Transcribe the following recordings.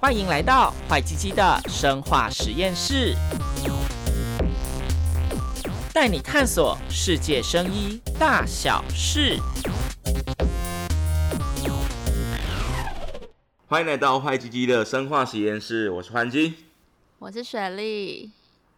歡迎來到壞雞雞的生化實驗室，帶你探索世界生醫大小事。歡迎來到壞雞雞的生化實驗室，我是歡雞，我是雪莉。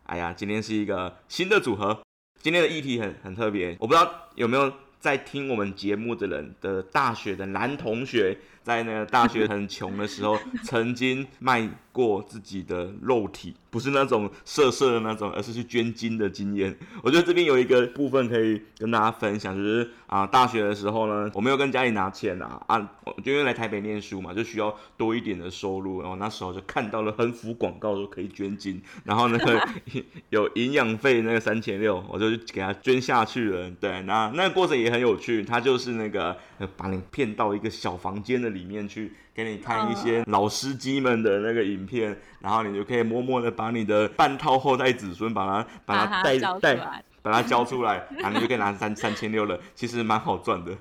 哎呀，今天是一個新的組合，今天的議題很很特別，我不知道有沒有。在聽我們節目的人的大學的男同學。在那個大學很窮的時候， 曾經賣過自己的肉體，不是那種色色的那種，而是去捐精的經驗。我覺得這邊有一個部分可以跟大家分享，就是啊，大學的時候呢，我沒有跟家裡拿錢啊，啊，就因為來台北念書嘛，就需要多一點的收入。然後那時候就看到了橫幅廣告說可以捐精，然後那個嗎 有營養費那個三千六，我就給他捐下去了。對，那那個，過程也很有趣，他就是那個。把你騙到一個小房間的裡面去，給你看一些老司機們的那個影片，嗯，然後你就可以默默的把你的半套後代子孫，把它把它帶帶，把它交出來，出來 然後你就可以拿三三千六了，其實蠻好賺的。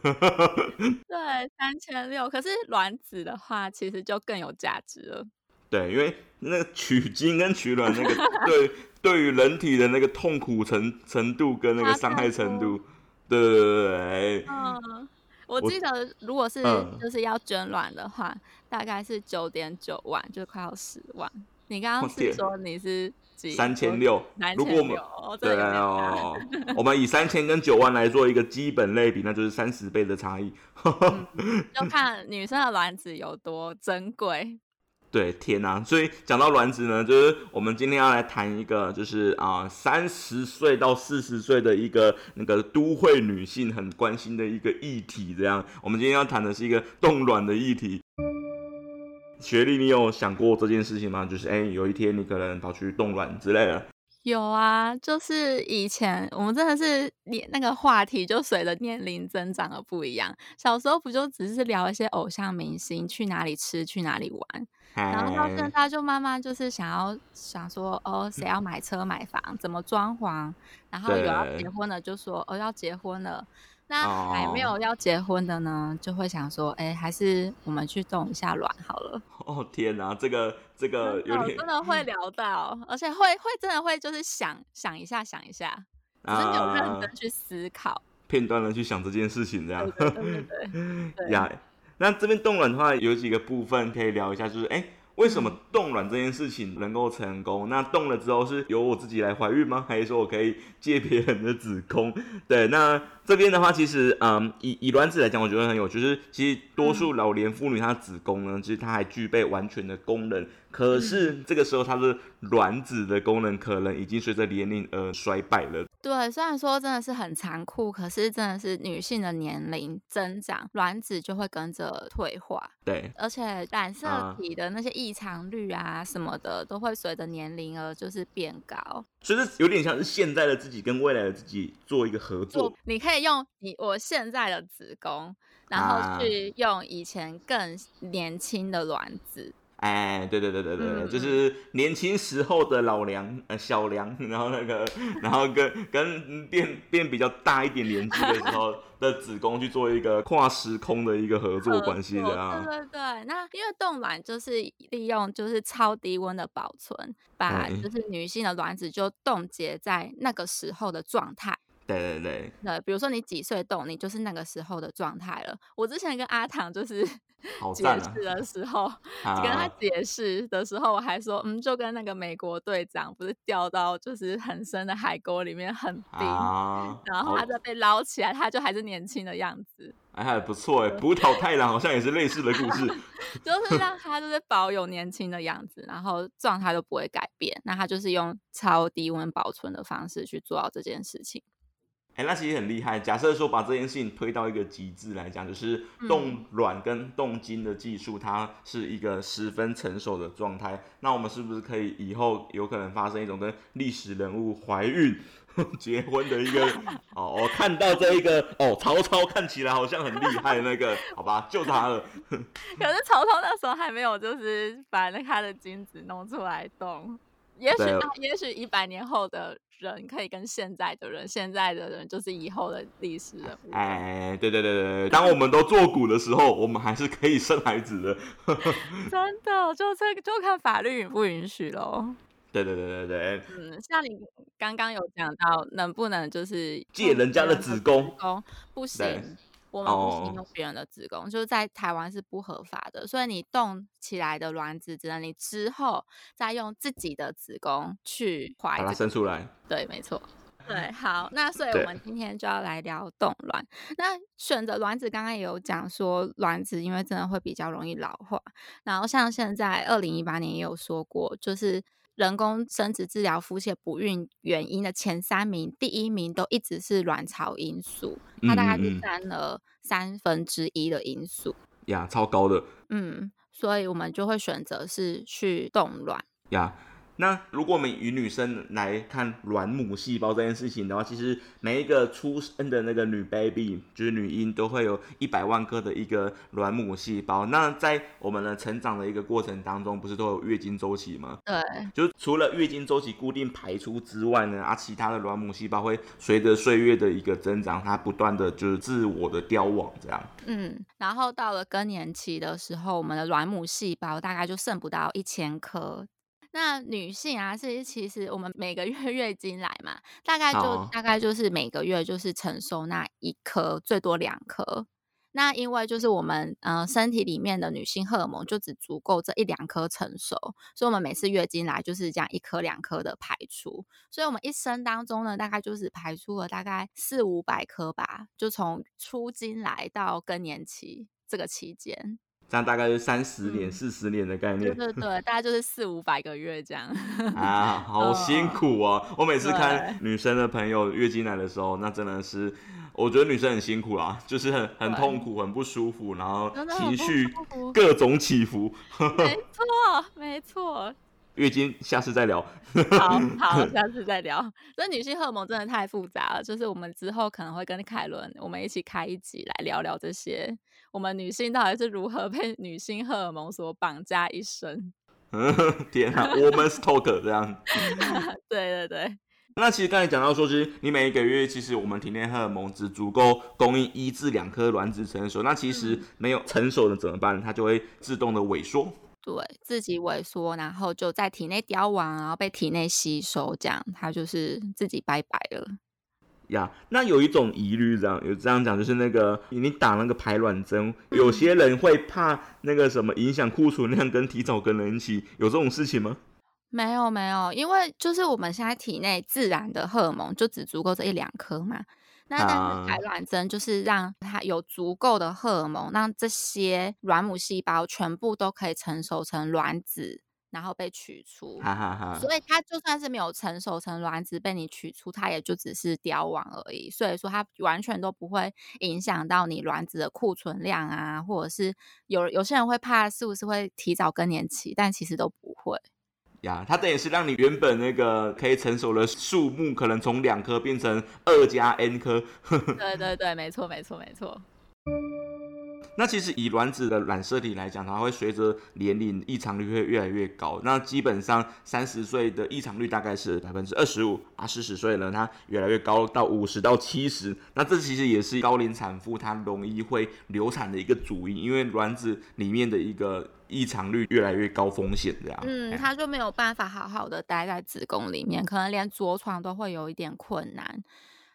對，三千六，可是卵子的話，其實就更有價值了。對，因為那個取精跟取卵那個，對， 對於人體的那個痛苦程程度跟那個傷害程度，對對，對，對對。嗯。嗯我記得，如果是就是要捐卵的話，嗯、大概是九點九萬，就是快要十萬。你剛剛是說你是幾塞幾三千六？六如果我們對哦，哦 我們以三千跟九萬來做一個基本類比，那就是三十倍的差異。 就看女生的卵子有多珍貴。對，天吶、啊，所以講到卵子呢，就是我們今天要來談一個，就是啊，三十歲到四十歲的一個那個都會女性很關心的一個議題。這樣，我們今天要談的是一個凍卵的議題。雪莉，你有想過這件事情嗎？就是，哎、欸，有一天你可能跑去凍卵之類的。有啊，就是以前我們真的是連那個話題就隨着年齡增長而不一樣。小時候不就只是聊一些偶像明星去哪裡吃、去哪裡玩。Hey. 然後到現在就慢慢就是想要想說哦，誰要買車買房，嗯、怎麼裝潢，然後有要結婚的就說對哦要結婚了，那還沒有要結婚的呢，Oh. 就會想說哎，還是我們去凍一下卵好了。哦天哪，這個。這個有真的，我真的會聊到，嗯、而且會會真的會就是想想一下想一下，真的、啊、有認真去思考片段的去想這件事情這樣對，對對對。 對，那這邊凍卵的話，有幾個部分可以聊一下，就是、欸為什麼凍卵這件事情能夠成功？那凍了之後是由我自己來懷孕嗎？還是說我可以借別人的子宮？對，那這邊的話，其實，嗯，以以卵子來講，我覺得很有，就是其實多數老年婦女她子宮呢，嗯、其實她還具備完全的功能，可是這個時候她是。卵子的功能可能已經隨着年齡而衰敗了。對，雖然說真的是很殘酷，可是真的是女性的年齡增長，卵子就會跟着退化。對，而且染色體的那些異常率啊什麼的，啊、都會隨着年齡而就是變高。其實有點像是現在的自己跟未來的自己做一個合作，你可以用你我現在的子宮，然後去用以前更年輕的卵子。哎、欸，對對對對對，嗯、就是年輕時候的老梁，呃，小梁，然後那個，然後跟跟變變比較大一點年紀的時候的子宮去做一個跨時空的一個合作關係的啊。對對對，那因為凍卵就是利用就是超低溫的保存，把就是女性的卵子就凍結在那個時候的狀態。對對對，那比如說你幾歲凍，你就是那個時候的狀態了。我之前跟阿唐就是好、啊、解釋的時候，啊、跟他解釋的時候，我還說，啊、嗯，就跟那個美國隊長不是掉到就是很深的海溝裡面很冰，啊、然後他就被撈起來，好他就還是年輕的樣子。哎，還不錯哎，浦島太郎好像也是類似的故事、啊，就是讓他就是保有年輕的樣子， 然後狀態都不會改變。那他就是用超低溫保存的方式去做到這件事情。哎、欸，那其實很厲害。假設說把這件事情推到一個極致來講，就是凍卵跟凍精的技術，嗯、它是一個十分成熟的狀態。那我們是不是可以以後有可能發生一種跟歷史人物懷孕、 結婚的一個？ 哦，我看到這一個哦，曹操看起來好像很厲害，那個好吧，就他了。 可是曹操那時候還沒有，就是把那他的精子弄出來凍。了也許，也許一百年後的。人可以跟現在的人，現在的人就是以後的歷史人物。哎，對對對對，當我們都作古的時候，對我們還是可以生孩子的。 真的，就這個，就看法律允不允許嘍。對對對對對，嗯，像你剛剛有講到，能不能就是借人家的子宮？不行。我們不行用別人的子宮，oh. 就是在台灣是不合法的。所以你凍起來的卵子，只能你之後再用自己的子宮去懷，把它生出來。對，沒錯。對，好，那所以我們今天就要來聊凍卵。對那選擇卵子，剛剛也有講說，卵子因為真的會比較容易老化。然後像現在二零一八年也有說過，就是，人工生殖治療夫妻的不孕原因的前三名，第一名都一直是卵巢因素，它大概是佔了三分之一的因素，呀、嗯嗯嗯，yeah, 超高的，嗯，所以我們就會選擇是去凍卵，呀。Yeah. 那如果我們與女生來看卵母細胞這件事情的話，其實每一個出生的那個女 baby，就是女嬰，都會有一百萬顆的一個卵母細胞。那在我們的成長的一個過程當中，不是都有月經周期嗎？對，就是除了月經周期固定排出之外呢，啊，其他的卵母細胞會隨着歲月的一個增長，它不斷的就是自我的凋亡這樣。嗯，然後到了更年期的時候，我們的卵母細胞大概就剩不到一千顆。那女性啊，是其實我們每個月月經來嘛，大概就、oh. 大概就是每個月就是成熟那一顆最多兩顆。那因為就是我們呃身體裡面的女性荷爾蒙就只足夠這一兩顆成熟，所以我們每次月經來就是這樣一顆兩顆的排出。所以我們一生當中呢，大概就是排出了大概四五百顆吧，就從初經來到更年期這個期間。大概是三十年，四十年的概念，對對，大概就是四五百個月這樣啊，好辛苦哦！我每次看女生的朋友月經來的時候，那真的是，我覺得女生很辛苦啦，就是很很痛苦，很不舒服，然後情緒各種起伏。沒錯，沒錯。月經下次再聊。好好，下次再聊。這女性荷爾蒙真的太複雜了，就是我們之後可能會跟凱倫我們一起開一集來聊聊這些。我們女性到底是如何被女性荷爾蒙所綁架一生？ 天啊 Woman's Talk、er、這樣 對對對。那其實剛才講到說，是你每一個月，其實我們體內荷爾蒙只足夠供應一至兩顆卵子成熟。那其實沒有成熟的怎麼辦？它就會自動的萎縮。對，自己萎縮，然後就在體內凋亡，然後被體內吸收，這樣它就是自己拜拜了。呀，yeah, 那有一種疑慮，這樣有這樣講，就是那個你打那個排卵針，有些人會怕那個什麼影響庫存量跟提早更年期，有這種事情嗎？沒有沒有，因為就是我們現在體內自然的荷爾蒙就只足夠這一兩顆嘛，那打排卵針就是讓它有足夠的荷爾蒙，讓這些卵母細胞全部都可以成熟成卵子。然後被取出，哈哈哈哈，所以它就算是沒有成熟成卵子被你取出，它也就只是凋亡而已。所以說它完全都不會影響到你卵子的庫存量啊，或者是有有些人會怕是不是會提早更年期，但其實都不會。呀，它等於是讓你原本那個可以成熟的樹木，可能從兩棵變成二加 N 棵。 對對對，沒錯沒錯沒錯。那其實以卵子的染色體來講，它會隨着年齡異常率會越來越高。那基本上三十歲的異常率大概是百分之二十五啊，四十歲了它越來越高到五十到七十。那這其實也是高齡產婦它容易會流產的一個主因，因為卵子裡面的一個異常率越來越高，風險這樣。嗯，她就沒有辦法好好的待在子宮裡面，可能連着床都會有一點困難。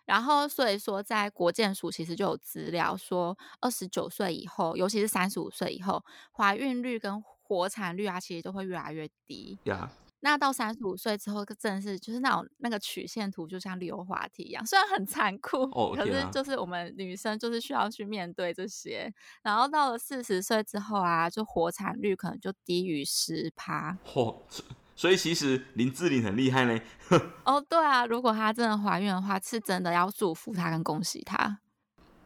然後所以說，在國健署其實就有資料說，二十九歲以後，尤其是三十五歲以後，懷孕率跟活產率啊，其實都會越來越低。Yeah. 那到三十五歲之後，真的是就是那種那個曲線圖，就像溜滑梯一樣，雖然很殘酷，oh, okay. 可是就是我們女生就是需要去面對這些。然後到了四十歲之後啊，就活產率可能就低於十趴。所以其實林志玲很厲害呢。哦，對啊，如果她真的懷孕的話，是真的要祝福她跟恭喜她。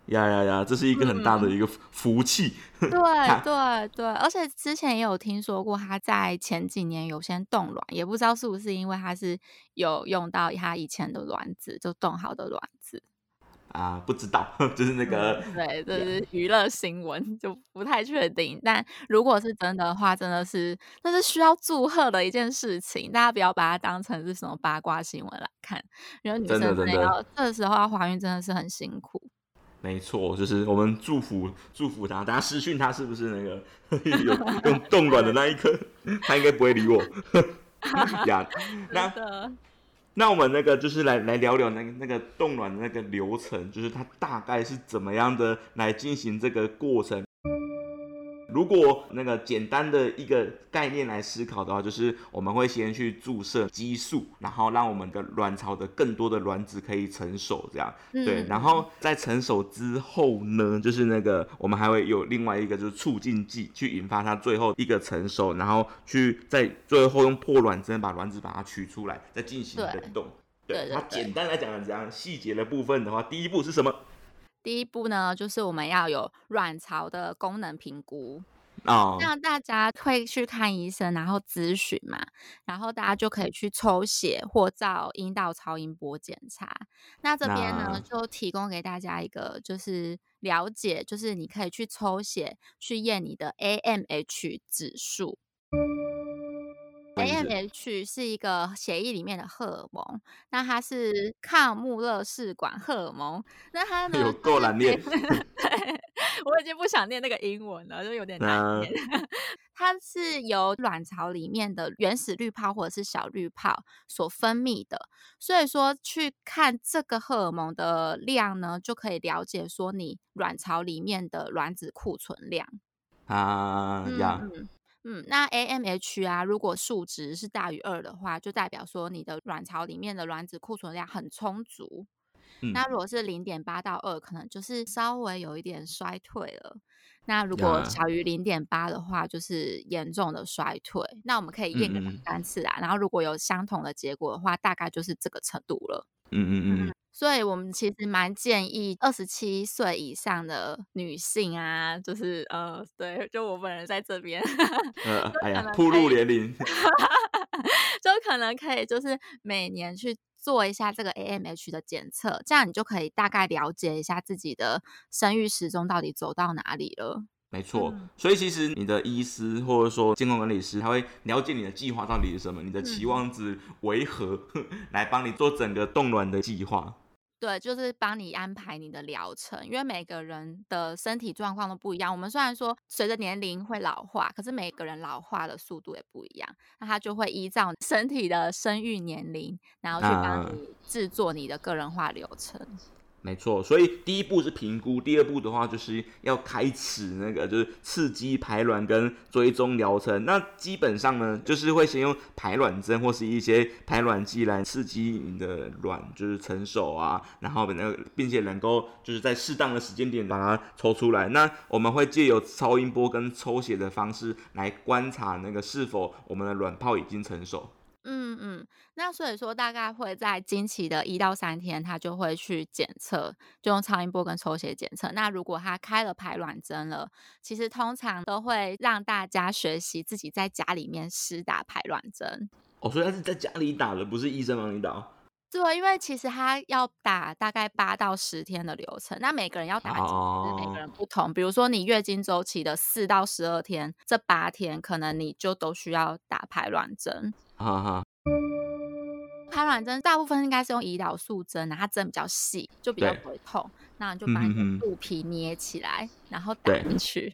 呀呀呀，這是一個很大的一個福氣。嗯、對對對，而且之前也有聽說過她在前幾年有先凍卵，也不知道是不是因為她是有用到她以前的卵子，就凍好的卵子。啊，不知道，就是那個，嗯、對，就是娛樂新聞，啊、就不太確定。但如果是真的話，真的是，那是需要祝賀的一件事情。大家不要把它當成是什麼八卦新聞來看。然後女生真的、那個真的，真的，這時候要懷孕真的是很辛苦。沒錯，就是我們祝福祝福她。大家私訊她是不是那個 有用凍卵的那一刻，她 應該不會理我。那那我們那個就是來來聊聊那個那個凍卵的那個流程，就是它大概是怎麼樣的來進行這個過程。如果那個簡單的一個概念來思考的話，就是我們會先去注射激素，然後讓我們的卵巢的更多的卵子可以成熟，這樣對。嗯、然後在成熟之後呢，就是那個我們還會有另外一個就是促進劑去引發它最後一個成熟，然後去在最後用破卵針把卵子把它取出來，再進行冷凍。對，它簡單來講怎樣？細節的部分的話，第一步是什麼？第一步呢，就是我們要有卵巢的功能評估哦。Oh. 那大家會去看醫生，然後諮詢嘛，然後大家就可以去抽血或照陰道超音波檢查。那這邊呢，oh. 就提供給大家一個就是了解，就是你可以去抽血去驗你的 AMH 指數。AMH 是一個血液裡面的荷爾蒙，那它是抗穆勒氏管荷爾蒙，那它呢？有夠難念。 我已經不想念那個英文了，就有點難念。它、呃、是由卵巢裡面的原始濾泡或者是小濾泡所分泌的，所以說去看這個荷爾蒙的量呢，就可以了解說你卵巢裡面的卵子庫存量啊，呃嗯 yeah. 嗯，那 AMH 啊，如果數值是大於二的話，就代表說你的卵巢裡面的卵子庫存量很充足。嗯、那如果是零點八到二，可能就是稍微有一點衰退了。那如果小於零點八的話，啊、就是嚴重的衰退。那我們可以驗個兩三次啊，嗯嗯，然後如果有相同的結果的話，大概就是這個程度了。嗯嗯嗯。嗯所以我們其實蠻建議二十七歲以上的女性啊，就是呃，對，就我本人在這邊，哎呀，暴露年齡， 就可能可以就是每年去做一下這個 AMH 的檢測，這樣你就可以大概了解一下自己的生育時鐘到底走到哪裡了。沒錯，嗯、所以其實你的醫師或者說健康管理師，他會了解你的計劃到底是什麼，你的期望值為何，嗯、來幫你做整個凍卵的計劃。對，就是幫你安排你的療程，因為每個人的身體狀況都不一樣。我們雖然說隨着年齡會老化，可是每個人老化的速度也不一樣，那他就會依照身體的生育年齡，然後去幫你制作你的個人化流程。啊 沒錯，所以第一步是評估，第二步的話就是要開始那個就是刺激排卵跟追蹤療程。那基本上呢，就是會先用排卵針或是一些排卵劑來刺激你的卵就是成熟啊，然後那個並且能夠就是在適當的時間點把它抽出來。那我們會借由超音波跟抽血的方式來觀察那個是否我們的卵泡已經成熟。嗯嗯，那所以說大概會在經期的一到三天，他就會去檢測，就用超音波跟抽血檢測。那如果他開了排卵針了，其實通常都會讓大家學習自己在家裡面施打排卵針。哦，所以他是在家裡打的，不是醫生幫你打？對，因為其實他要打大概八到十天的流程，那每個人要打，哦、每個人不同。比如說你月經週期的四到十二天，這八天可能你就都需要打排卵針。哈哈，排卵針大部分應該是用胰島素針，然後針比較細，就比較不會痛。那你就把你的肚皮捏起來，然後打進去。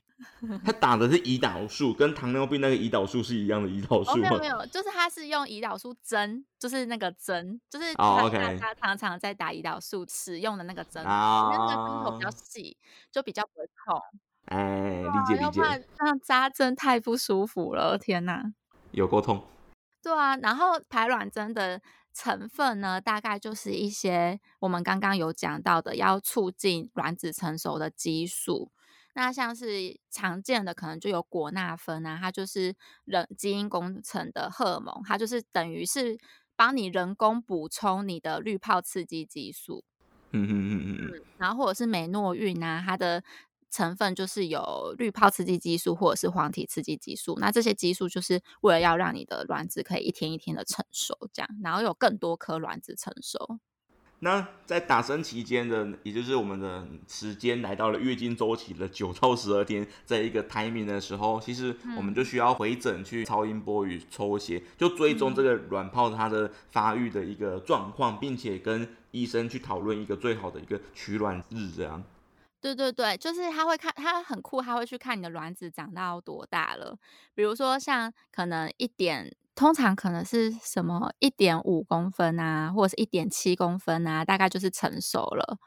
他打的是胰島素，跟糖尿病那個胰島素是一樣的胰島素？沒有沒有，就是他是用胰島素針，就是那個針，就是他他常常在打胰島素使用的那個針，那個針頭比較細，就比較不會痛。哎，理解理解。那扎針太不舒服了，天哪！有夠痛。對啊，然後排卵針的成分呢，大概就是一些我們剛剛有講到的，要促進卵子成熟的激素。那像是常見的，可能就有果納芬啊，它就是人基因工程的荷爾蒙，它就是等於是幫你人工補充你的濾泡刺激激素。嗯嗯嗯嗯，然後或者是美諾孕啊，它的。成分就是有綠泡刺激激素或者是黃體刺激激素，那這些激素就是為了要讓你的卵子可以一天一天的成熟，這樣，然後有更多顆卵子成熟。那在打針期間的，也就是我們的時間來到了月經週期的九到十二天這一個胎 g 的時候，其實我們就需要回診去超音波與抽血，就追蹤這個卵泡它的發育的一個狀況，嗯、並且跟醫生去討論一個最好的一個取卵日這樣。對對對，就是他會看，他很酷，他會去看你的卵子長到多大了。比如說，像可能一點，通常可能是什麼一點五公分啊，或者是一點七公分啊，大概就是成熟了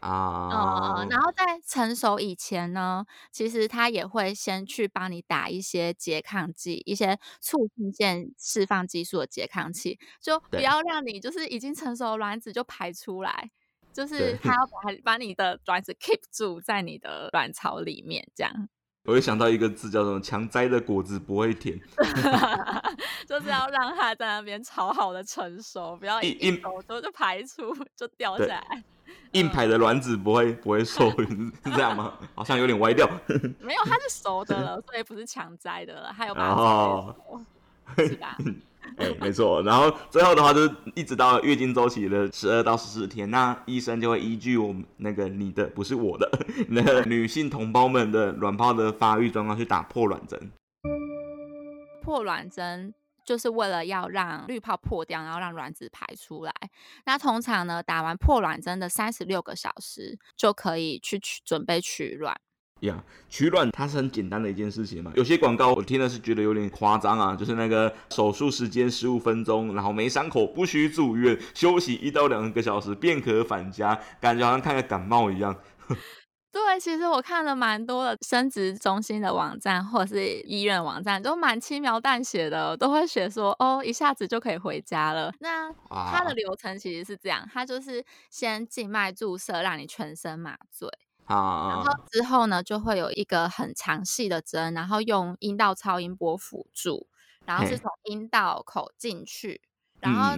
哦、uh 呃，然後在成熟以前呢，其實他也會先去幫你打一些拮抗劑，一些促性腺釋放激素的拮抗劑，就不要讓你就是已經成熟的卵子就排出來。就是他要把把你的卵子 keep 住在你的卵巢裡面，這樣。我會想到一個字叫，叫做強摘的果子不會甜， 就是要讓它在那邊好好的成熟，不要一一熟就排出就掉下來。硬排的卵子不會不會熟， 是這樣嗎？好像有點歪掉。 沒有，它是熟的了，所以不是強摘的，了。還有把。哎、 欸，沒錯，然後最後的話就是一直到月經周期的十二到十四天，那醫生就會依據我們那個，你的，不是我的，那個女性同胞們的卵泡的發育狀況去打破卵針。破卵針就是為了要讓濾泡破掉，然後讓卵子排出來。那通常呢，打完破卵針的三十六個小時就可以去取，準備取卵。呀，yeah, 取卵它是很簡單的一件事情嘛。有些廣告我聽的是覺得有點誇張啊，就是那個手術時間十五分鐘，然後沒傷口，不需住院，休息一到兩個小時便可返家，感覺好像看個感冒一樣。 對，其實我看了蠻多的生殖中心的網站或者是醫院網站，都蠻輕描淡寫的，都會寫說哦，一下子就可以回家了。那它的流程其實是這樣，它就是先靜脈注射，讓你全身麻醉。啊，然後之後呢，就會有一個很長細的針，然後用陰道超音波輔助，然後是從陰道口進去，嘿然後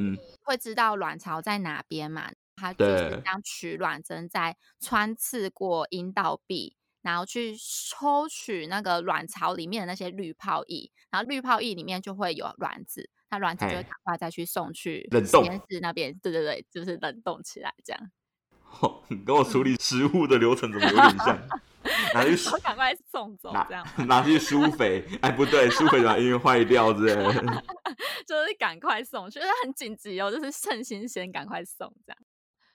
會知道卵巢在哪邊嘛？它、嗯、就將取卵針再穿刺過陰道壁，對然後去抽取那個卵巢裡面的那些濾泡液，然後濾泡液裡面就會有卵子，那卵子就會趕快再去送去實驗室那邊，動對對對，就是冷凍起來這樣。哦、你跟我處理食物的流程怎麼有點像？ 拿去，趕快送走這樣拿。拿去施肥，哎，不對，施肥要因為壞掉之類。 就是趕快送去，就是、很緊急哦，就是趁新鮮趕快送這樣。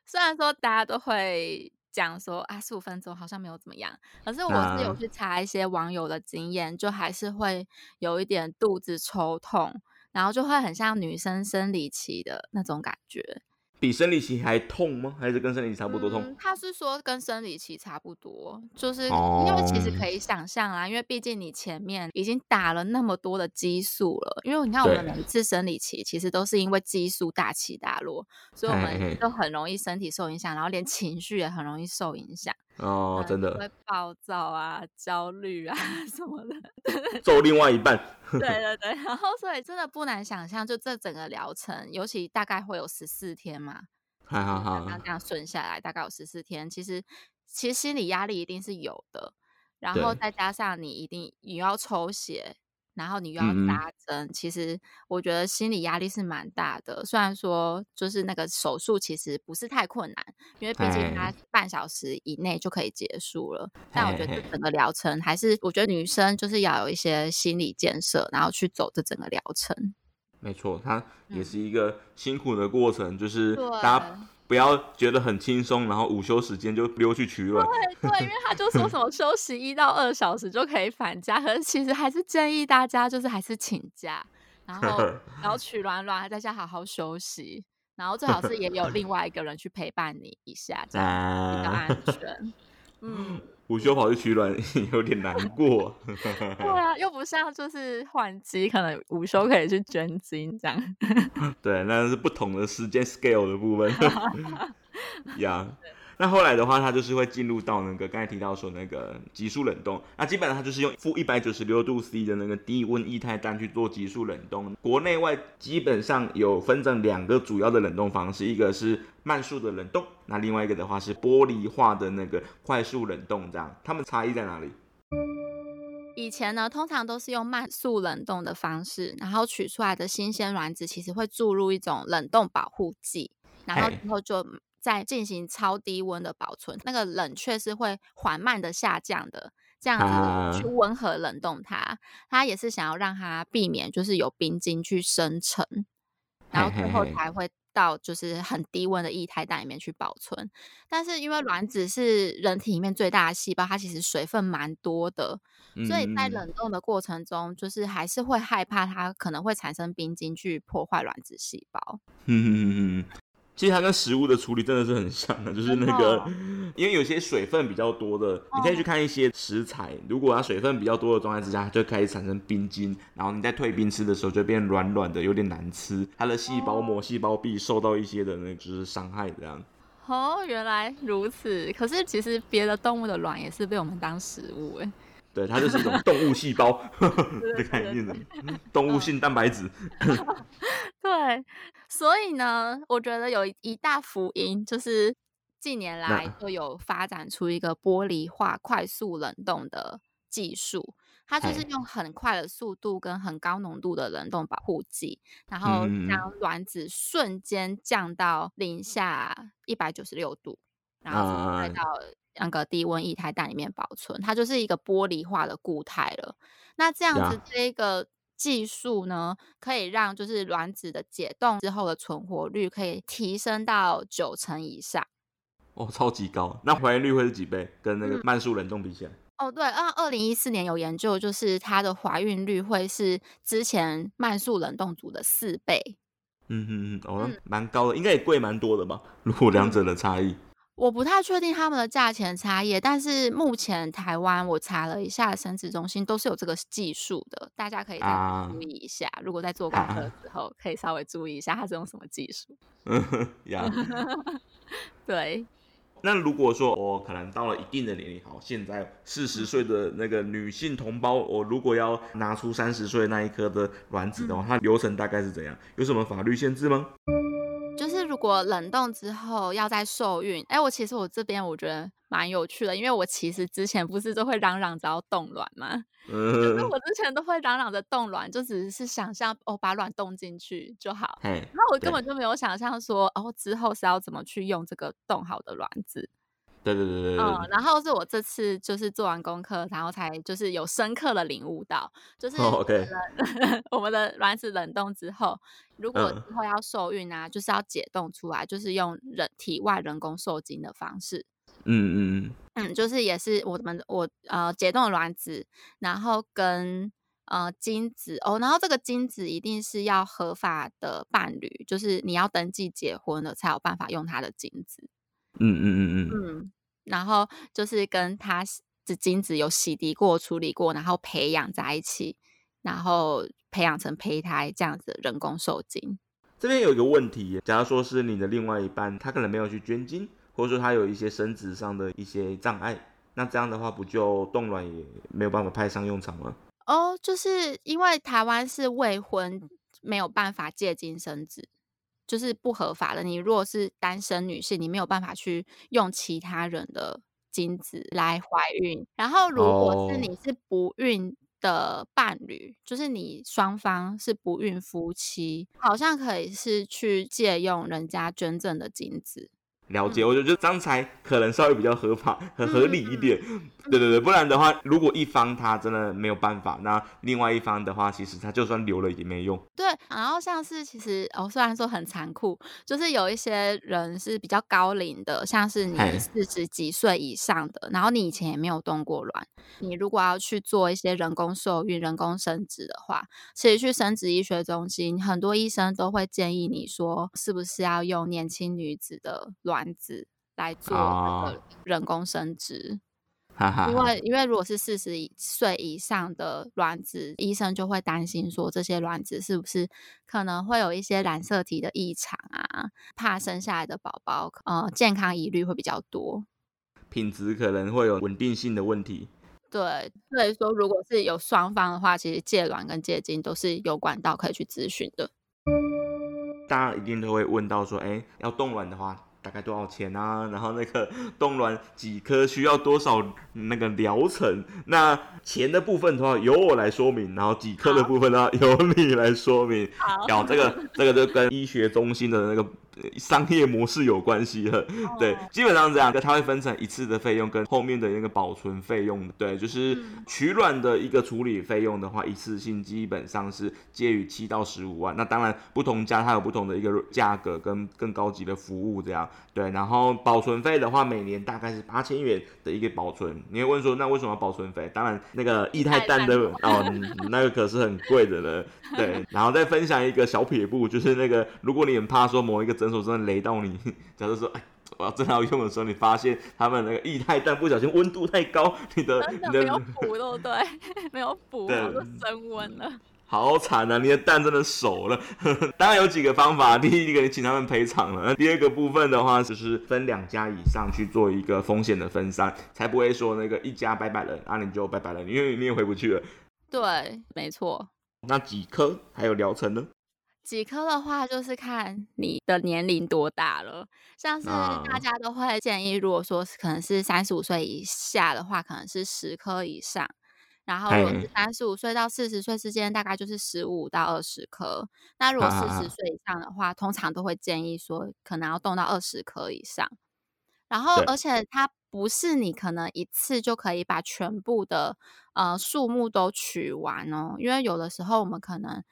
雖然說大家都會講說啊，十五分鐘好像沒有怎麼樣，可是我是有去查一些網友的經驗，就還是會有一點肚子抽痛，然後就會很像女生生理期的那種感覺。比生理期還痛嗎？還是跟生理期差不多痛？嗯，他是說跟生理期差不多，就是因為其實可以想象啦，Oh. 因為畢竟你前面已經打了那麼多的激素了，因為你看我們每次生理期其實都是因為激素大起大落，對的。所以我們都很容易身體受影響，Hey. 然後連情緒也很容易受影響。哦，oh, 嗯、真的會暴躁啊，焦慮啊什麼的，揍 另外一半。 對對對，然後所以真的不難想象，就這整個療程，尤其大概會有十四天嘛，好好好，然後這樣順下來大概有十四天， 其實其實心理壓力一定是有的，然後再加上你一定你要抽血。然後你又要扎針，嗯嗯，其實我覺得心理壓力是蠻大的。雖然說就是那個手術其實不是太困難，因為畢竟它半小時以內就可以結束了。哎、但我覺得這整個療程還是，哎哎我覺得女生就是要有一些心理建設，然後去走這整個療程。沒錯，它也是一個辛苦的過程，嗯、就是大家不要覺得很輕鬆，對然後午休時間就溜去取卵。對，因為他就說什麼休息一到二小時就可以返家， 可是其實還是建議大家就是還是請假，然後 然後取卵卵還在家好好休息，然後最好是也有另外一個人去陪伴你一下， 這樣比較、比較安全。 嗯。午休跑去取卵有點難過， 對啊，又不像就是換機，可能午休可以去捐精這樣， 對，那是不同的時間 scale 的部分，一 Yeah. 那後來的話，它就是會進入到那個剛才提到說那個急速冷凍。那基本上它就是用負一百九十六度 C 的那個低溫液態氮去做急速冷凍。國內外基本上有分成兩個主要的冷凍方式，一個是慢速的冷凍，那另外一個的話是玻璃化的那個快速冷凍。這樣它們差異在哪裡？以前呢，通常都是用慢速冷凍的方式，然後取出來的新鮮卵子其實會注入一種冷凍保護劑，然後之後就。在進行超低溫的保存，那個冷卻是會緩慢的下降的，這樣子、嗯啊、去溫和冷凍它。它也是想要讓它避免就是有冰晶去生成，然後最後才會到就是很低溫的液態氮裡面去保存。嘿嘿嘿，但是因為卵子是人體裡面最大的細胞，它其實水分蠻多的，所以在冷凍的過程中，嗯、就是還是會害怕它可能會產生冰晶去破壞卵子細胞。嗯嗯其實它跟食物的處理真的是很像的，就是那個，哦、因為有些水分比較多的，你可以去看一些食材，哦、如果它水分比較多的狀態之下，它就可以產生冰晶，然後你在退冰吃的時候就變軟軟的，有點難吃，它的細胞膜、細、哦、細胞壁受到一些的那就是傷害這樣。哦，原來如此。可是其實別的動物的卵也是被我們當食物、欸 對，它就是一種動物細胞的概念的動物性蛋白質 。 對，所以呢，我覺得有一大福音，就是近年來都有發展出一個玻璃化快速冷凍的技術，它就是用很快的速度跟很高濃度的冷凍保護劑，然後讓卵子瞬間降到零下一百九十六度，然後再到。那個低溫液態氮裡面保存，它就是一個玻璃化的固態了。那這樣子，這一個技術呢，Yeah. 可以讓就是卵子的解凍之後的存活率可以提升到九成以上。哦，超級高！那懷孕率會是幾倍？跟那個慢速冷凍比起來、嗯？哦，對，啊、嗯，二零一四年有研究，就是它的懷孕率會是之前慢速冷凍組的四倍。嗯嗯嗯，哦，蠻高的，嗯、應該也貴蠻多的吧？如果兩者的差異。嗯我不太確定他們的價錢差異，但是目前台灣我查了一下生殖中心，都是有這個技術的，大家可以再注意一下。啊、如果在做功課的時候，啊、可以稍微注意一下它是用什麼技術。 Yeah. 對。那如果說我可能到了一定的年齡，好，現在四十歲的那個女性同胞，我如果要拿出三十歲那一顆的卵子的話，嗯、它流程大概是怎樣？有什麼法律限制嗎？如果冷凍之後要再受孕，哎、欸，我其實我這邊我覺得蠻有趣的，因為我其實之前不是都會嚷嚷着要凍卵嗎？呃、就是我之前都會嚷嚷着凍卵，就只是想象哦把卵凍進去就好，嘿然後我根本就沒有想象說對哦之後是要怎麼去用這個凍好的卵子。對對對對嗯，然後是我這次就是做完功課，然後才就是有深刻的領悟到，就是我們的卵子冷凍之後，如果之後要受孕啊，嗯、就是要解凍出來，就是用人體外人工受精的方式。嗯嗯嗯。就是也是我們我，我呃解凍卵子，然後跟呃精子哦，然後這個精子一定是要合法的伴侶，就是你要登記結婚了才有辦法用他的精子。嗯嗯嗯嗯嗯，然後就是跟他的精子有洗滌過、處理過，然後培養在一起，然後培養成胚胎這樣子的人工授精。這邊有一個問題，假如說是你的另外一半他可能沒有去捐精，或者說他有一些生殖上的一些障礙，那這樣的話不就凍卵也沒有辦法派上用場嗎？哦，就是因為台灣是未婚，沒有辦法借精生子。就是不合法的。你如果是單身女性，你沒有辦法去用其他人的精子來懷孕。然後，如果是你是不孕的伴侶，oh. 就是你雙方是不孕夫妻，好像可以是去借用人家捐贈的精子。了解，我就覺得剛才可能稍微比較合法很合理一點。嗯、對對對，不然的話，如果一方他真的沒有辦法，那另外一方的話，其實他就算留了也沒用。對，然後像是其實哦，雖然說很殘酷，就是有一些人是比較高齡的，像是你四十幾歲以上的，唉然後你以前也沒有凍過卵，你如果要去做一些人工受孕、人工生殖的話，其實去生殖醫學中心，很多醫生都會建議你說，是不是要用年輕女子的卵。卵子來做那個人工生殖，oh. 因為因為如果是四十歲以上的卵子，醫生就會擔心說，這些卵子是不是可能會有一些染色體的異常啊，怕生下來的寶寶呃健康疑慮會比較多，品質可能會有穩定性的問題。對，所以說如果是有雙方的話，其實借卵跟借精都是有管道可以去諮詢的。大家一定都會問到說，哎，要凍卵的話。大概多少錢啊？然後那個凍卵幾顆需要多少那個療程？那錢的部分的話由我來說明，然後幾顆的部分的話由你來說明。好，好，這個這個就跟醫學中心的那個。商業模式有關係了，對，基本上這樣，它會分成一次的費用跟後面的那個保存費用，對，就是取卵的一個處理費用的話，一次性基本上是介於七到十五萬，那當然不同家它有不同的一個價格跟更高級的服務這樣，對，然後保存費的話每年大概是八千元的一個保存，你會問說那為什麼要保存費？當然那個液態氮的哦，那個可是很貴的了，對，然後再分享一個小撇步，就是那個如果你很怕說某一個。真的雷到你！假如說我要真要用的時候，你發現他們那個液態氮，不小心溫度太高，你的你的，的沒有補對不對，沒有補都對升溫了，好慘啊！你的蛋真的熟了。 當然有幾個方法，第一個你請他們賠償了，那第二個部分的話就是分兩家以上去做一個風險的分散，才不會說那個一家拜拜了，那、啊、你就拜拜了，你因為你也回不去了。對，沒錯。那幾顆還有療程呢？幾顆的話，就是看你的年齡多大了。像是大家都會建議，如果說可能是三十五歲以下的話，可能是十顆以上；然後如果是三十五歲到四十歲之間，大概就是十五到二十顆。那如果四十歲以上的話，通常都會建議說，可能要動到二十顆以上。然後，而且它不是你可能一次就可以把全部的呃數目都取完哦，因為有的時候我們可能。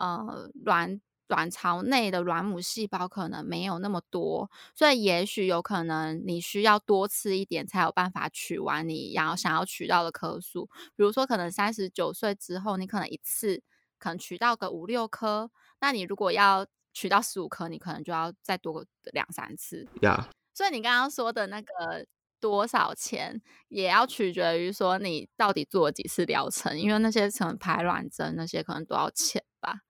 呃、嗯，卵卵巢內的卵母細胞可能沒有那麼多，所以也許有可能你需要多吃一點才有辦法取完你想要取到的顆數。比如說，可能三十九歲之後，你可能一次可能取到個五六顆，那你如果要取到十五顆，你可能就要再多個兩三次。呀，Yeah. 所以你剛剛說的那個多少錢，也要取決於說你到底做了幾次療程，因為那些什麼排卵針那些可能多少錢吧。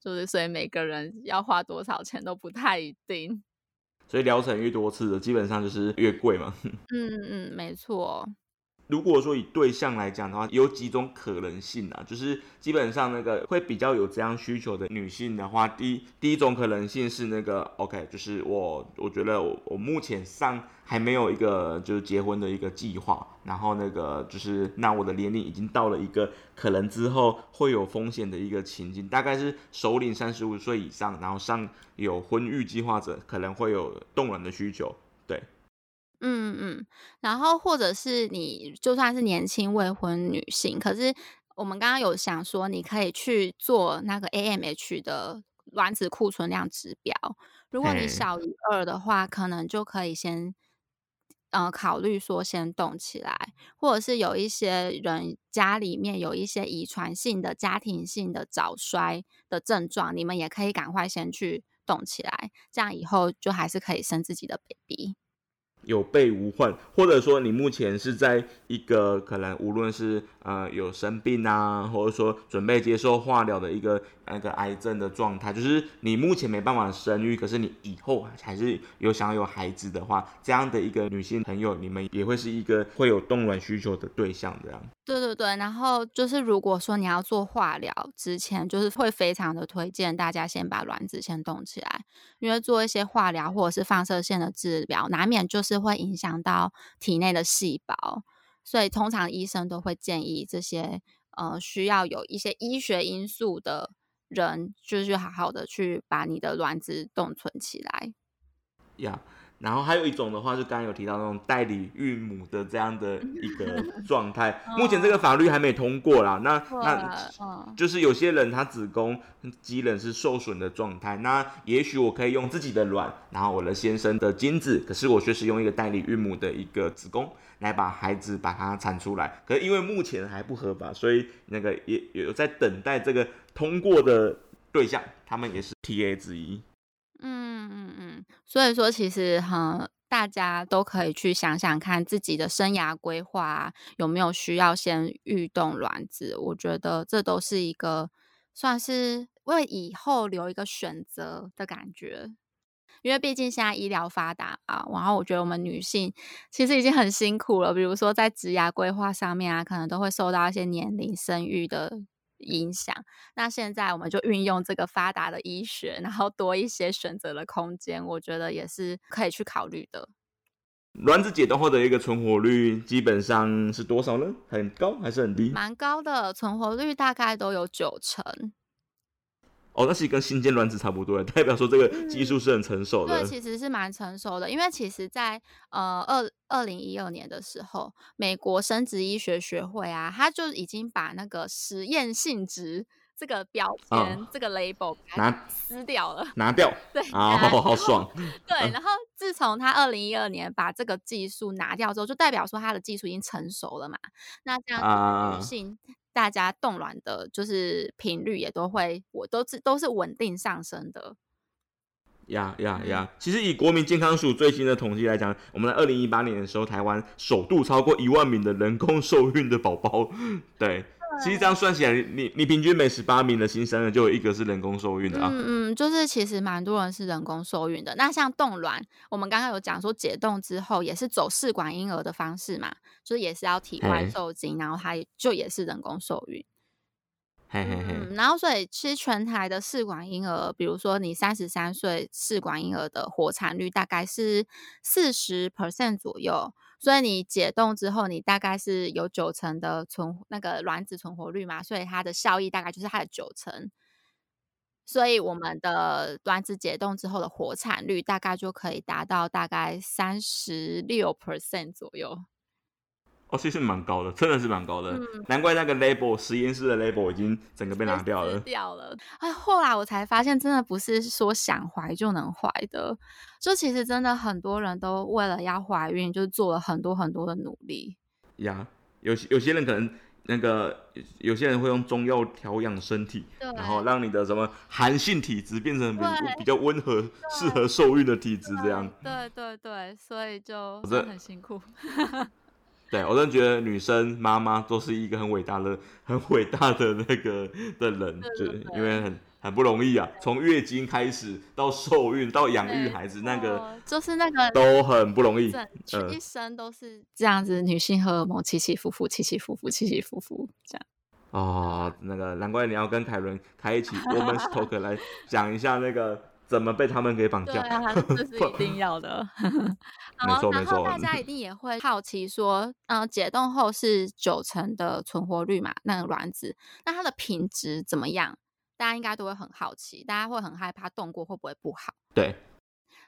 就是，所以每個人要花多少錢都不太一定。所以療程越多次的，基本上就是越貴嘛。 嗯嗯，沒錯。如果說以對象來講的話，有幾種可能性啊，就是基本上那個會比較有這樣需求的女性的話，第一第一種可能性是那個 OK，就是我我覺得我，我目前尚還沒有一個就是結婚的一個計劃，然後那個就是那我的年齡已經到了一個可能之後會有風險的一個情境，大概是首領三十五歲以上，然後尚有婚育計劃者可能會有凍卵的需求，對。嗯嗯，然後或者是你就算是年輕未婚女性，可是我們剛剛有想說，你可以去做那個 AMH 的卵子庫存量指標，如果你小於二的話，嗯、可能就可以先呃考慮說先動起來，或者是有一些人家裡面有一些遺傳性的、家庭性的早衰的症狀，你們也可以趕快先去動起來，這樣以後就還是可以生自己的 baby。有備無患，或者說你目前是在一個可能無，無論是呃有生病啊，或者說準備接受化療的一個，那個癌症的狀態，就是你目前沒辦法生育，可是你以後還是有想要有孩子的話，這樣的一個女性朋友，你們也會是一個會有凍卵需求的對象。這樣，對對對。然後就是，如果說你要做化療之前，就是會非常的推薦大家先把卵子先凍起來，因為做一些化療或者是放射線的治療，難免就是會影響到體內的細胞，所以通常醫生都會建議這些呃需要有一些醫學因素的。人就是好好的去把你的卵子凍存起來。Yeah. 然後還有一種的話，就剛剛有提到那種代理孕母的這樣的一個狀態。 目前這個法律還沒通過啦， 那那就是有些人他子宮機能是受損的狀態，那也許我可以用自己的卵，然後我的先生的精子，可是我卻是用一個代理孕母的一個子宮來把孩子把它產出來。可是因為目前還不合法，所以那個也有在等待這個通過的對象，他們也是 TA 之一。嗯嗯嗯，所以說其實哈、嗯，大家都可以去想想看自己的生涯規劃有沒有需要先預凍卵子。我覺得這都是一個算是為以後留一個選擇的感覺，因為畢竟現在醫療發達啊，然後我覺得我們女性其實已經很辛苦了，比如說在職涯規劃上面啊，可能都會受到一些年齡生育的。影響。那現在我們就運用這個發達的醫學，然後多一些選擇的空間，我覺得也是可以去考慮的。卵子解凍後的一個存活率基本上是多少呢？很高還是很低？蠻高的，存活率大概都有九成。哦，那其實跟新鮮卵子差不多，代表說這個技術是很成熟的。嗯、對，其實是蠻成熟的，因為其實在，在呃二二零一二年的時候，美國生殖醫學學會啊，他就已經把那個實驗性質這個標籤，嗯、這個 label 拿，嗯，撕掉了，拿，拿掉。 對、啊，然後、哦、好爽。對，然後自從他二零一二年把這個技術拿掉之後，嗯、就代表說他的技術已經成熟了嘛。那這樣子的女性。嗯大家凍卵的，就是頻率也都會，我都是都是穩定上升的。呀呀呀！其實以國民健康署最新的統計來講，我們在二零一八年的時候，台灣首度超過一萬名的人工受孕的寶寶，對。其實這樣算起來，對你你平均每十八名的新生兒就有一個是人工受孕的啊。嗯嗯，就是其實蠻多人是人工受孕的。那像凍卵，我們剛剛有講說解凍之後也是走試管嬰兒的方式嘛，就是也是要體外受精，嘿然後它就也是人工受孕。 嗯，然後所以其實全台的試管嬰兒，比如說你三十三歲試管嬰兒的活產率大概是四十 percent 左右，所以你解凍之後，你大概是有九成的存那個卵子存活率嘛，所以它的效益大概就是它的九成，所以我們的卵子解凍之後的活產率大概就可以達到大概三十六 percent 左右。哦，其實是蠻高的，真的是蠻高的。嗯，難怪那個 label 實驗室的 label 已經整個被拿掉了。掉了。哎，後來我才發現，真的不是說想懷就能懷的。就其實真的很多人都為了要懷孕，就是做了很多很多的努力。呀，有些有些人可能那個，有些人會用中藥調養身體，對然後讓你的什麼寒性體質變成比比較溫和，適對合受孕的體質，這樣對。對對對，所以就很辛苦。這 對，我真的覺得女生媽媽都是一個很偉大的、很偉大的那個的人，就的因為很很不容易啊，從對月經開始到受孕到養育孩子，對那個就是那個都很不容易，一,一生都是這樣子，女性荷爾蒙起起伏伏，起起伏伏，起起伏伏這樣。哦，那個難怪你要跟凱倫開一起 Women's Talk 來講一下那個。怎麼被他們給綁架？對啊，這是一定要的。好，然後大家一定也會好奇說，嗯、呃，解凍後是九成的存活率嘛？那個卵子，那它的品質怎麼樣？大家應該都會很好奇，大家會很害怕凍過會不會不好？對。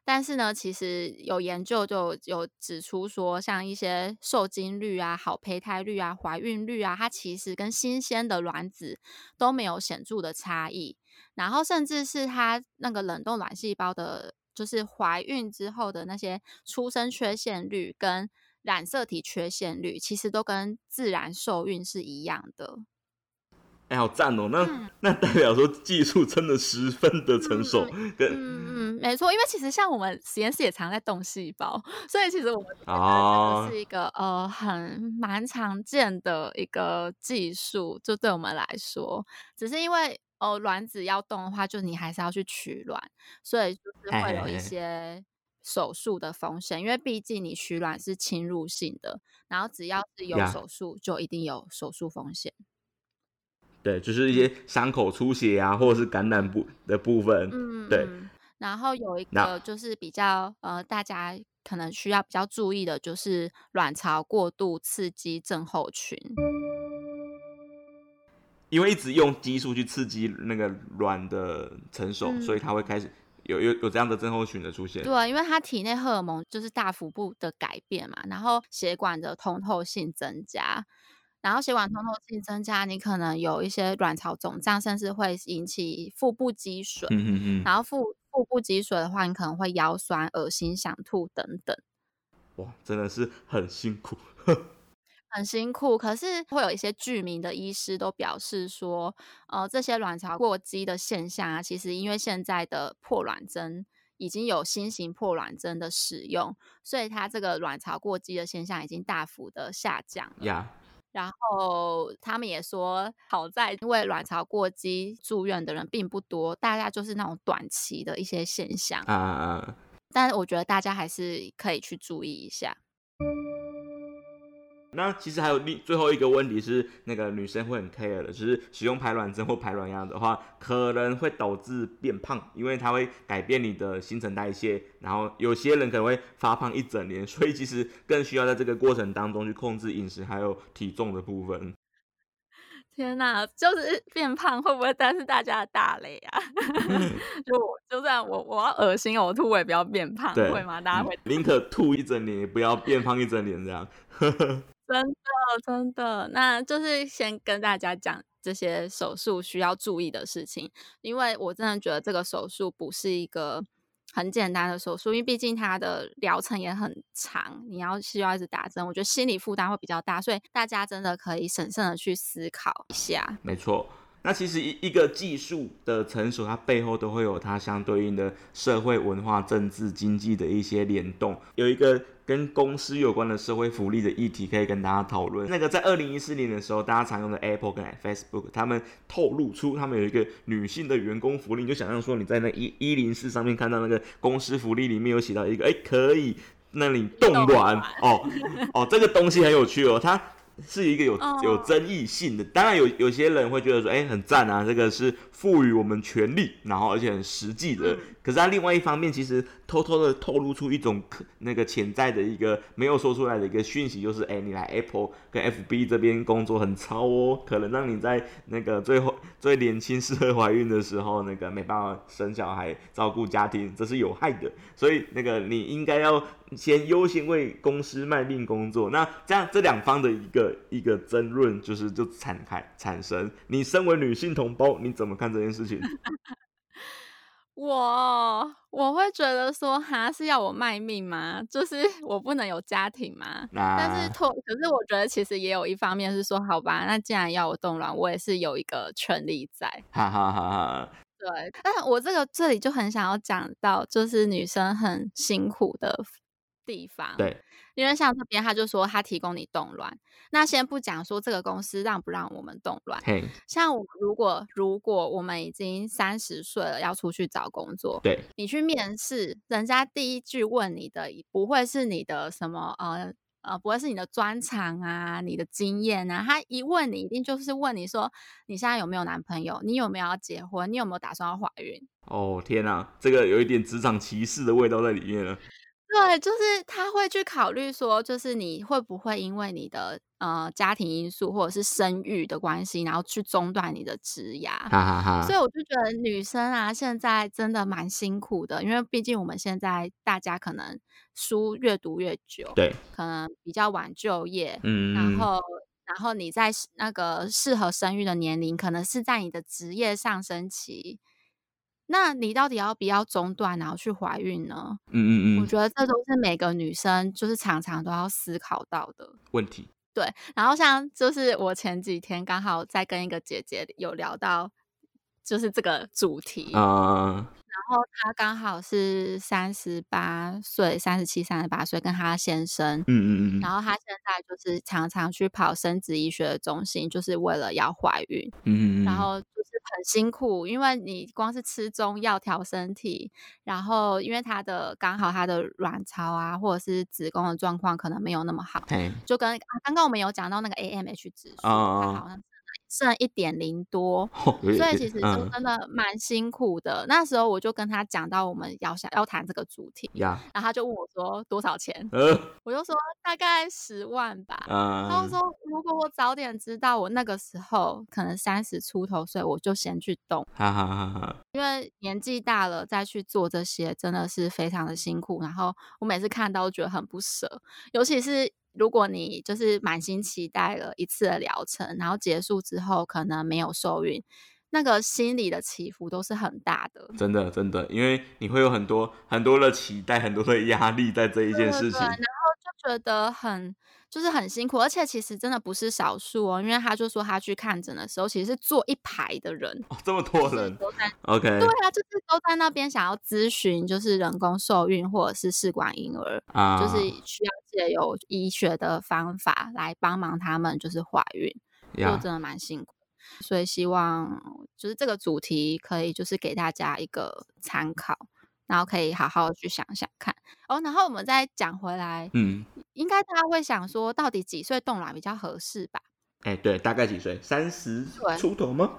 但是呢，其實有研究就有，有指出說，像一些受精率啊、好胚胎率啊、懷孕率啊，它其實跟新鮮的卵子都沒有顯著的差異。然後，甚至是他那個冷凍卵細胞的，就是懷孕之後的那些出生缺陷率跟染色體缺陷率，其實都跟自然受孕是一樣的。哎、欸，好讚哦！那、嗯、那代表說技術真的十分的成熟。嗯對嗯，嗯，沒錯，因為其實像我們實驗室也常在凍細胞，所以其實我們哦是一個、哦、呃很蠻常見的一個技術，就對我們來說，只是因為。哦，卵子要動的話，就你還是要去取卵，所以就是會有一些手術的風險，哎哎哎因為畢竟你取卵是侵入性的，然後只要是有手術，Yeah. 就一定有手術風險。對，就是一些傷口出血啊，或者是感染部的部分。嗯，嗯，嗯，對。然後有一個就是比較 Now. 呃，大家可能需要比較注意的，就是卵巢過度刺激症候群。因為一直用激素去刺激那個卵的成熟，嗯、所以它會開始有有有這樣的症候群的出現。對、啊、因為它體內荷爾蒙就是大幅度的改變嘛，然後血管的通透性增加，然後血管通透性增加，你可能有一些卵巢腫脹，甚至會引起腹部積水。嗯嗯嗯。然後腹腹部積水的話，你可能會腰酸、噁心、想吐等等。哇，真的是很辛苦。很辛苦，可是會有一些著名的醫師都表示說，呃，這些卵巢過激的現象啊，其實因為現在的破卵針已經有新型破卵針的使用，所以它這個卵巢過激的現象已經大幅的下降了。Yeah. 然後他們也說，好在因為卵巢過激住院的人並不多，大家就是那種短期的一些現象啊。Uh. 但我覺得大家還是可以去注意一下。那其實還有另最後一個問題是，那個女生會很 care 的，就是使用排卵針或排卵藥的話，可能會導致變胖，因為它會改變你的新陳代謝，然後有些人可能會發胖一整年，所以其實更需要在這個過程當中去控制飲食還有體重的部分。天哪、啊，就是變胖會不會但是大家大雷啊？ 就就算我我要噁心嘔吐，我吐也不要變胖，對會嗎？大家會寧可吐一整年，也不要變胖一整年這樣。 真的，真的，那就是先跟大家講這些手術需要注意的事情，因為我真的覺得這個手術不是一個很簡單的手術，因為畢竟它的療程也很長，你要需要一直打針，我覺得心理負擔會比較大，所以大家真的可以審慎的去思考一下。沒錯。那其實一一個技術的成熟，它背後都會有它相對應的社會文化、政治、經濟的一些聯動。有一個跟公司有關的社會福利的議題可以跟大家討論。那個在二零一四年的時候，大家常用的 Apple 跟 Facebook，他們透露出他們有一個女性的員工福利。你就想象說你在那一一零四上面看到那個公司福利裡面有寫到一個，哎、欸，可以那裡凍卵軟哦 哦，這個東西很有趣哦，它。是一個有有爭議性的。當然有有些人會覺得說，哎、欸，很讚啊，這個是賦予我們權利，然後而且很實際的。可是它另外一方面，其實偷偷的透露出一種可那個潛在的一個沒有說出來的一個訊息，就是，哎、欸，你來 Apple 跟 FB 這邊工作很操哦，可能讓你在那個最後最年輕適合懷孕的時候，那個沒辦法生小孩照顧家庭，這是有害的。所以那個你應該要。先優先為公司賣命工作，那這樣這兩方的一個一個爭論就是就展開產生。你身為女性同胞，你怎麼看這件事情？ 我我會覺得說，蛤是要我賣命嗎？就是我不能有家庭嗎？啊、但是可是我覺得其實也有一方面是說，好吧，那既然要我凍卵，我也是有一個權利在。哈，哈哈哈！對，但我這個這裡就很想要講到，就是女生很辛苦的地方對，因為像這邊他就說他提供你凍卵，那先不講說這個公司讓不讓我們凍卵。嘿像我如果如果我們已經三十歲了，要出去找工作，對，你去面試，人家第一句問你的不會是你的什麼呃呃，不會是你的專長啊，你的經驗啊。他一問你，一定就是問你說你現在有沒有男朋友？你有沒有要結婚？你有沒有打算要懷孕？哦天啊，這個有一點職場歧視的味道在裡面了。對，就是他會去考慮說，就是你會不會因為你的呃家庭因素或者是生育的關係，然後去中斷你的職業。哈哈哈哈。所以我就覺得女生啊，現在真的蠻辛苦的，因為畢竟我們現在大家可能書越讀越久，對，可能比較晚就業，嗯，然後然後你在那個適合生育的年齡，可能是在你的職業上升期。那你到底要不要中斷，然後去懷孕呢？嗯嗯嗯，我覺得這都是每個女生就是常常都要思考到的問題。對，然後像就是我前幾天剛好在跟一個姐姐有聊到，就是這個主題啊。嗯。嗯然後她剛好是三十八歲，三十七、三十八歲，跟她先生。嗯嗯嗯。然後她現在就是常常去跑生殖醫學的中心，就是為了要懷孕。嗯嗯。然後就是很辛苦，因為你光是吃中藥調身體，然後因為他的剛好他的卵巢啊，或者是子宮的狀況可能沒有那麼好。對、嗯。就跟剛剛我們有講到那個 AMH 指數，哦 剩一點零多， 所以其實就真的蠻辛苦的。 那時候我就跟他講到我們要想要談這個主題，Yeah. 然後他就問我說多少錢， 我就說大概十萬吧。 然後他說如果我早點知道，我那個時候可能三十出頭歲，所以我就先去動。 因為年紀大了再去做這些真的是非常的辛苦，然後我每次看到都覺得很不舍，尤其是。如果你就是滿心期待了一次的療程，然後結束之後可能沒有受孕，那個心理的起伏都是很大的。真的，真的，因為你會有很多很多的期待，很多的壓力在這一件事情。對對對。覺得很就是很辛苦，而且其實真的不是少數哦。因為他就說，他去看診的時候，其實是坐一排的人，哦、這麼多人都在。OK，對啊，就是都在那邊想要諮詢，就是人工受孕或者是試管嬰兒啊，就是需要借由醫學的方法來幫忙他們就是懷孕，Yeah. 就真的蠻辛苦。所以希望就是這個主題可以就是給大家一個參考。然後可以好好去想想看哦，然後我們再講回來，嗯，應該他會想說，到底幾歲凍卵比較合適吧？哎，對，大概幾歲？三十歲出頭嗎？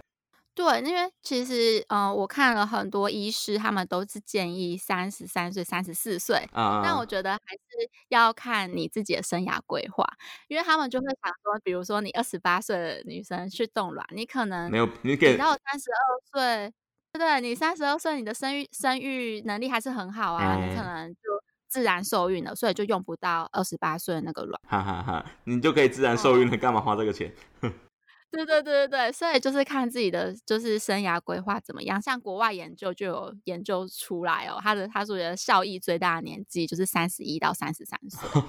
對，因為其實，嗯、呃，我看了很多醫師，他們都是建議三十三歲、三十四歲啊。嗯、但我覺得還是要看你自己的生涯規劃，因為他們就會想說，比如說你二十八歲的女生去凍卵，你可能沒有你給到三十二歲。對對，你三十二歲，你的生育生育能力還是很好啊，嗯、你可能就自然受孕了，所以就用不到二十八歲那個卵。哈哈哈，你就可以自然受孕了，幹、嗯、嘛花這個錢？ 對對對對，所以就是看自己的就是生涯規劃怎麼樣。像國外研究就有研究出來哦，他的他說的效益最大的年紀就是三十一到三十三歲。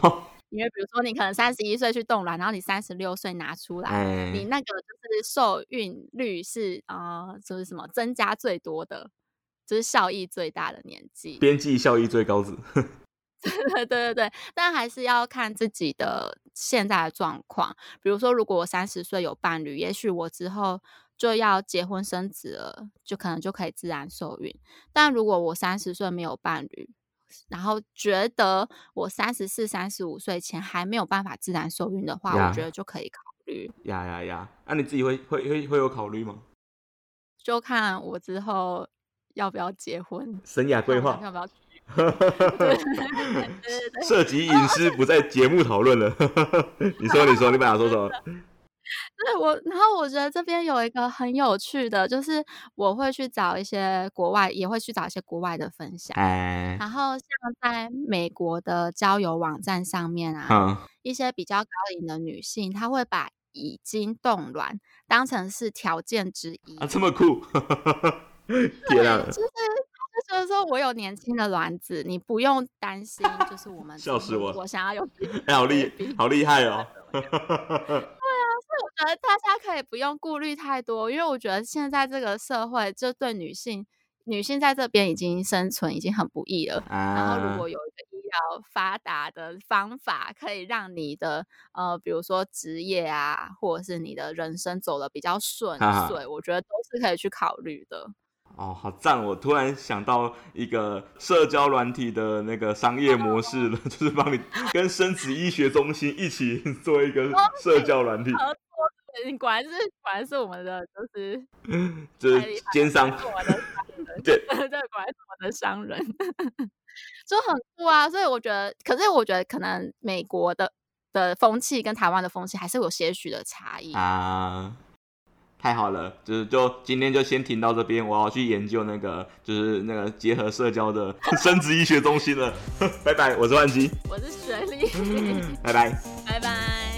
因為比如說，你可能三十一歲去凍卵，然後你三十六歲拿出來，嗯、你那個就是受孕率是啊、呃，就是什麼增加最多的，就是效益最大的年紀，邊際效益最高值。真的，對對對，但還是要看自己的現在的狀況。比如說，如果我三十歲有伴侶，也許我之後就要結婚生子了，就可能就可以自然受孕。但如果我三十歲沒有伴侶，然後覺得我三十四、三十五歲前還沒有辦法自然受孕的話，Yeah. 我覺得就可以考慮。呀呀呀！那你自己會會會會有考慮嗎？就看我之後要不要結婚，生涯規劃要不要？涉及隱私，不在節目討論了。 你說，你說，你把想說什麼？對我，然後我覺得這邊有一個很有趣的，就是我會去找一些國外，也會去找一些國外的分享。哎，然後像在美國的交友網站上面啊，嗯、一些比較高齡的女性，她會把已經凍卵當成是條件之一。啊，這麼酷， 天啊了！就是就是說，我有年輕的卵子，你不用擔心。就是我們笑死我，我想要有， 欸、好厲，好厲害哦！呃，大家可以不用顧慮太多，因為我覺得現在這個社會，就對女性，女性在這邊已經生存已經很不易了。嗯、然後，如果有一個醫療發達的方法，可以讓你的呃，比如說職業啊，或者是你的人生走得比較順遂，哈哈，我覺得都是可以去考慮的。哦，好讚！我突然想到一個社交軟體的那個商業模式了，哦，就是幫你跟生殖醫學中心一起做一個社交軟體。 你果然是果然是我們的，就是就是奸商，的商 對，這果然是我們的商人， 就很酷啊！所以我覺得，可是我覺得可能美國的的風氣跟台灣的風氣還是有些許的差異啊、呃。太好了，就是就今天就先停到這邊，我要去研究那個就是那個結合社交的生殖醫學中心了。 拜拜，我是萬吉，我是雪莉。 拜拜，拜拜。